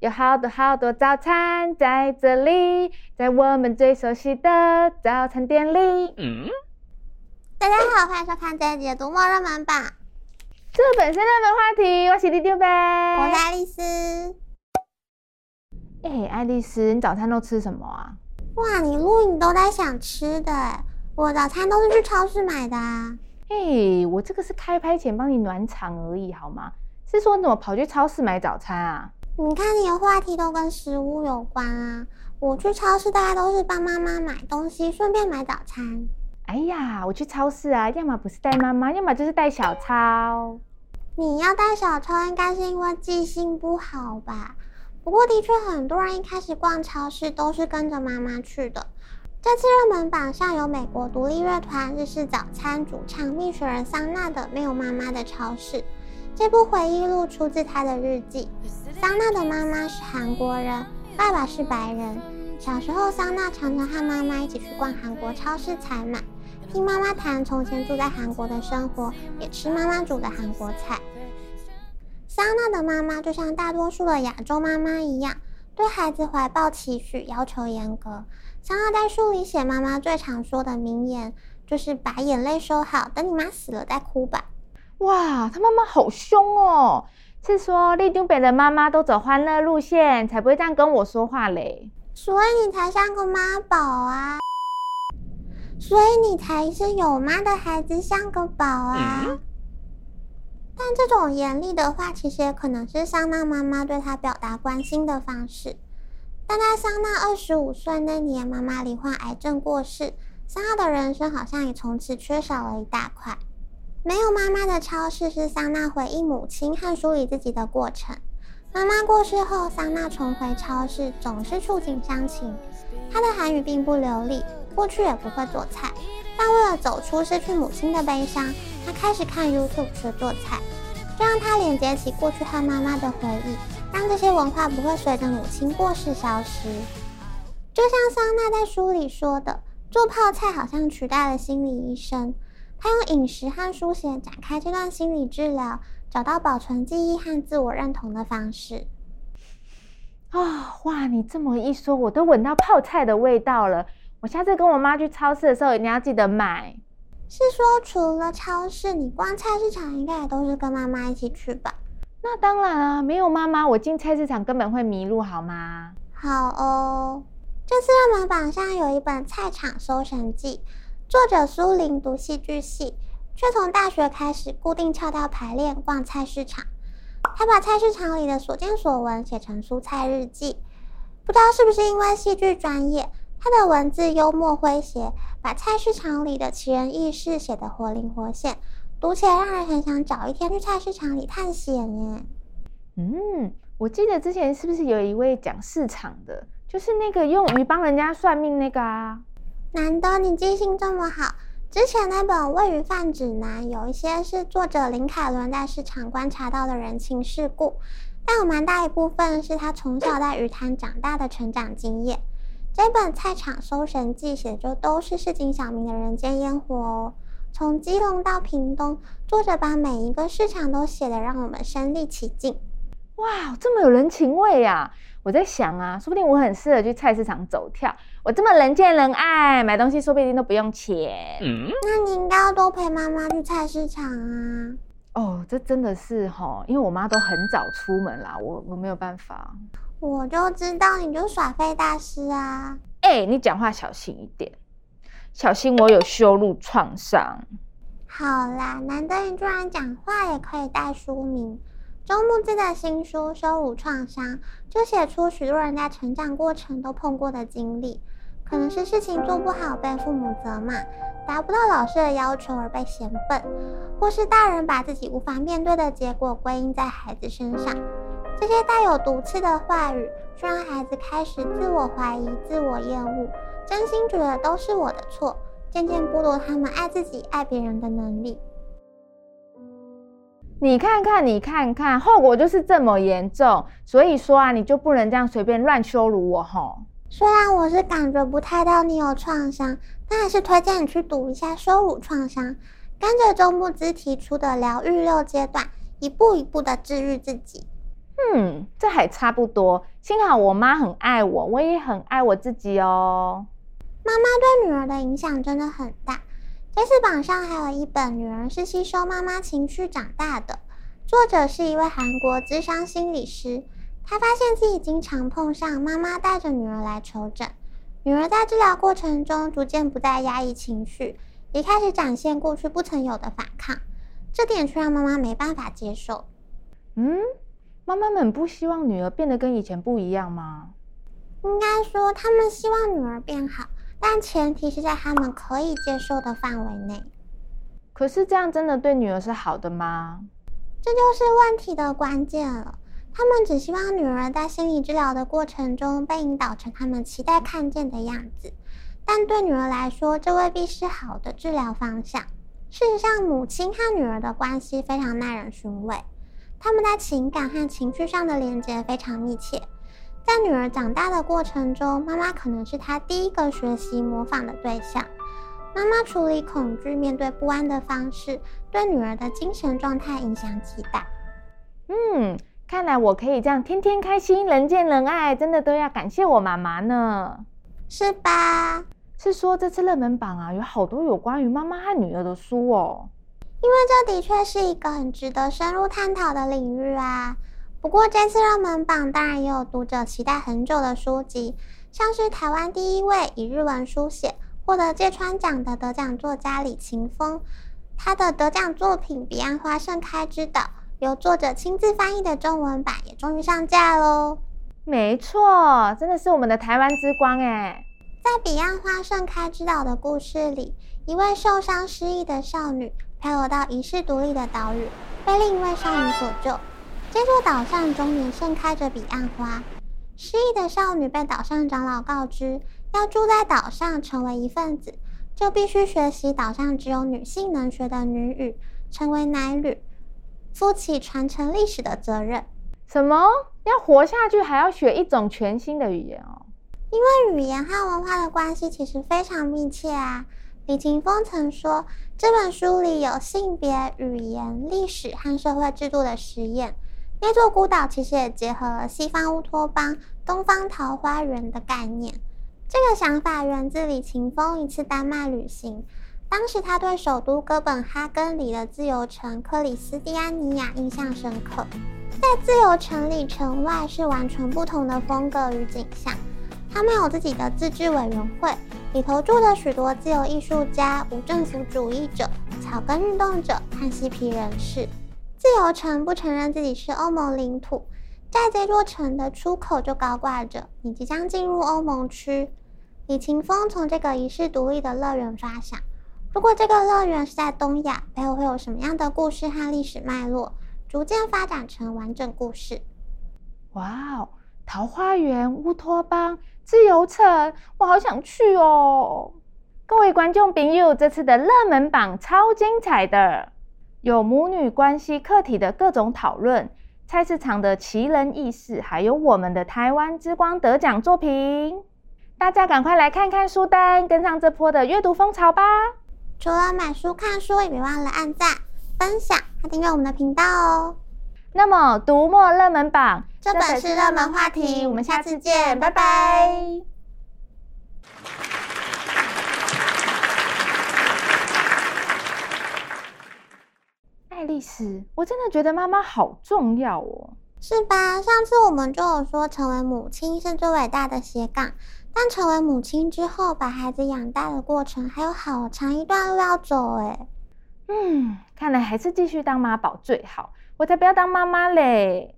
有好多好多早餐在這裡，在我們最熟悉的早餐店裡。嗯、大家好，歡迎收看這一集的《讀墨熱門榜》。這本是熱門話題，我是李定飛，我是愛麗絲。誒、哎、愛麗絲，你早餐都吃什麼啊？哇，你錄影都在想吃的？我早餐都是去超市買的、啊。嘿、哎，我這個是開拍前幫你暖場而已，好嗎？是說你怎麼跑去超市買早餐啊？你看，你的話題都跟食物有關啊！我去超市，大家都是幫媽媽買東西，順便買早餐。哎呀，我去超市啊，要麼不是帶媽媽，要麼就是帶小抄。你要帶小抄，應該是因為記性不好吧？不過的確，很多人一開始逛超市都是跟着媽媽去的。這次熱門榜上有美國獨立樂團日式早餐主唱蜜雪兒桑納的《沒有媽媽的超市》，這部回憶錄出自她的日記。桑娜的媽媽是韓國人，爸爸是白人。小時候，桑娜常常和媽媽一起去逛韓國超市採買，聽媽媽談從前住在韓國的生活，也吃媽媽煮的韓國菜。桑娜的媽媽就像大多數的亞洲媽媽一樣，對孩子懷抱期許，要求嚴格。桑娜在書裡寫，媽媽最常說的名言就是“把眼淚收好，等你媽死了再哭吧。”哇，她媽媽好凶哦！是說，麗珠北的媽媽都走歡樂路線，才不會這樣跟我說話嘞。所以你才像個媽寶啊！所以你才是有媽的孩子，像個寶啊！嗯、哼但這種嚴厲的話，其實也可能是桑娜媽媽對她表達關心的方式。但在桑娜二十五歲那年，媽媽罹患癌症過世，桑娜的人生好像也從此缺少了一大塊。沒有媽媽的超市是桑娜回憶母親和梳理自己的過程。媽媽過世後，桑娜重回超市，總是觸景傷情。她的韓語並不流利，過去也不會做菜。但為了走出失去母親的悲傷，她開始看 YouTube 學做菜，這讓她連接起過去和媽媽的回憶，讓這些文化不會隨着母親過世消失。就像桑娜在書裡說的：“做泡菜好像取代了心理醫生。”他用飲食和書寫展開這段心理治療，找到保存記憶和自我認同的方式。哦，哇！你這麼一說，我都聞到泡菜的味道了。我下次跟我媽去超市的時候，一定要記得買。是說，除了超市，你逛菜市場應該也都是跟媽媽一起去吧？那當然啊，沒有媽媽，我進菜市場根本會迷路，好嗎？好哦。這次熱門榜上有一本《菜場搜神記》。作者蘇凌讀戲劇系，卻從大學開始固定翹掉排練，逛菜市場。他把菜市場裡的所見所聞寫成蔬菜日記。不知道是不是因為戲劇專業，他的文字幽默詼諧，把菜市場裡的奇人異事寫得活靈活現，讀起來讓人很想找一天去菜市場裡探險耶。嗯，我記得之前是不是有一位講市場的，就是那個用魚幫人家算命那個啊？難得你記性這麼好，之前那本《喂魚販指南》有一些是作者林凱倫在市場觀察到的人情世故，但有蠻大一部分是他從小在魚攤長大的成長經驗。這本《菜場搜神記》寫的就都是市井小民的人間煙火哦，從基隆到屏東，作者把每一個市場都寫得讓我們身歷其境。哇，這麼有人情味呀！我在想啊，說不定我很適合去菜市場走跳。我這麼人見人愛，買東西說不定都不用錢。嗯，那你應該要多陪媽媽去菜市場啊。哦，這真的是哦，因為我媽都很早出門啦，我我沒有辦法。我就知道你就耍廢大師啊！哎，你講話小心一點，小心我有羞辱創傷。好啦，難得你居然講話也可以帶書名。周慕姿的新書《羞辱創傷》，就寫出許多人在成長過程都碰過的經歷，可能是事情做不好被父母責罵，達不到老師的要求而被嫌笨，或是大人把自己無法面對的結果歸因在孩子身上。這些帶有毒刺的話語，就讓孩子開始自我懷疑、自我厭惡，真心覺得都是我的錯，漸漸剝奪他們愛自己、愛別人的能力。你看看，你看看，後果就是這麼嚴重，所以說啊，你就不能這樣隨便亂羞辱我吼。雖然我是感覺不太到你有創傷，但還是推薦你去讀一下《羞辱創傷》，跟着周慕姿提出的療癒六階段，一步一步的治癒自己。嗯，這還差不多。幸好我媽很愛我，我也很愛我自己哦。媽媽對女兒的影響真的很大。黑絲榜上還有一本《女兒是吸收媽媽情緒長大的》，作者是一位韓國諮商心理師。他發現自己經常碰上媽媽帶着女兒來求診，女兒在治療過程中逐漸不再壓抑情緒，也開始展現過去不曾有的反抗，這點卻讓媽媽沒辦法接受。嗯，媽媽們不希望女兒變得跟以前不一樣嗎？應該說，他們希望女兒變好。但前提是在他們可以接受的範圍內。可是這樣真的對女兒是好的嗎？這就是問題的關鍵了。他們只希望女兒在心理治療的過程中被引導成他們期待看見的樣子，但對女兒來說，這未必是好的治療方向。事實上，母親和女兒的關係非常耐人尋味，他們在情感和情緒上的連接非常密切。在女兒長大的過程中，媽媽可能是她第一個學習模仿的對象。媽媽處理恐懼、面對不安的方式，對女兒的精神狀態影響極大。嗯，看來我可以這樣，天天開心，人見人愛，真的都要感謝我媽媽呢。是吧？是說這次熱門榜啊，有好多有關於媽媽和女兒的書哦。因為這的確是一個很值得深入探討的領域啊。不過這次熱門榜，當然也有讀者期待很久的書籍，像是台灣第一位以日文書寫獲得芥川獎的得獎作家李琴峰，他的得獎作品《彼岸花盛開之島》由作者親自翻譯的中文版也終於上架嘍。沒錯，真的是我們的台灣之光哎！在《彼岸花盛開之島》的故事裡，一位受傷失憶的少女漂流到遺世獨立的島嶼，被另一位少女所救。這座島上終年盛開着彼岸花。失憶的少女被島上長老告知，要住在島上成為一份子，就必須學習島上只有女性能學的女語，成為奶女，負起傳承歷史的責任。什麼？要活下去還要學一種全新的語言哦？因為語言和文化的關係其實非常密切啊。李琴峰曾說，這本書裡有性別、語言、歷史和社會制度的實驗。那座孤島其實也結合了西方烏托邦、東方桃花源的概念。這個想法源自李琴峰一次丹麥旅行。當時他對首都哥本哈根裡的自由城克里斯蒂安尼亞印象深刻。在自由城裡，城外是完全不同的風格與景象。他們有自己的自治委員會，裡頭住了許多自由藝術家、無政府主義者、草根運動者和嬉皮人士。自由城不承認自己是歐盟領土，在這座城的出口就高掛着“你即將進入歐盟區”。李琴峰從這個遺世獨立的樂園發想，如果這個樂園是在東亞，背後會有什麼樣的故事和歷史脈絡，逐漸發展成完整故事？哇哦，桃花源、烏托邦、自由城，我好想去哦！各位觀眾朋友，這次的熱門榜超精彩的。有母女關係課題的各種討論，菜市場的奇人異事，還有我們的台灣之光得獎作品，大家趕快來看看書單，跟上這波的閱讀風潮吧！除了買書、看書，也別忘了按讚、分享、和訂閱我們的頻道哦。那麼，讀墨熱門榜，這本是熱門話題，我們下次見，拜拜。拜拜愛麗絲，我真的覺得媽媽好重要哦，是吧？上次我們就有說，成為母親是最偉大的斜槓，但成為母親之後，把孩子養大的過程還有好長一段路要走哎、欸。嗯，看來還是繼續當媽寶最好，我才不要當媽媽嘞。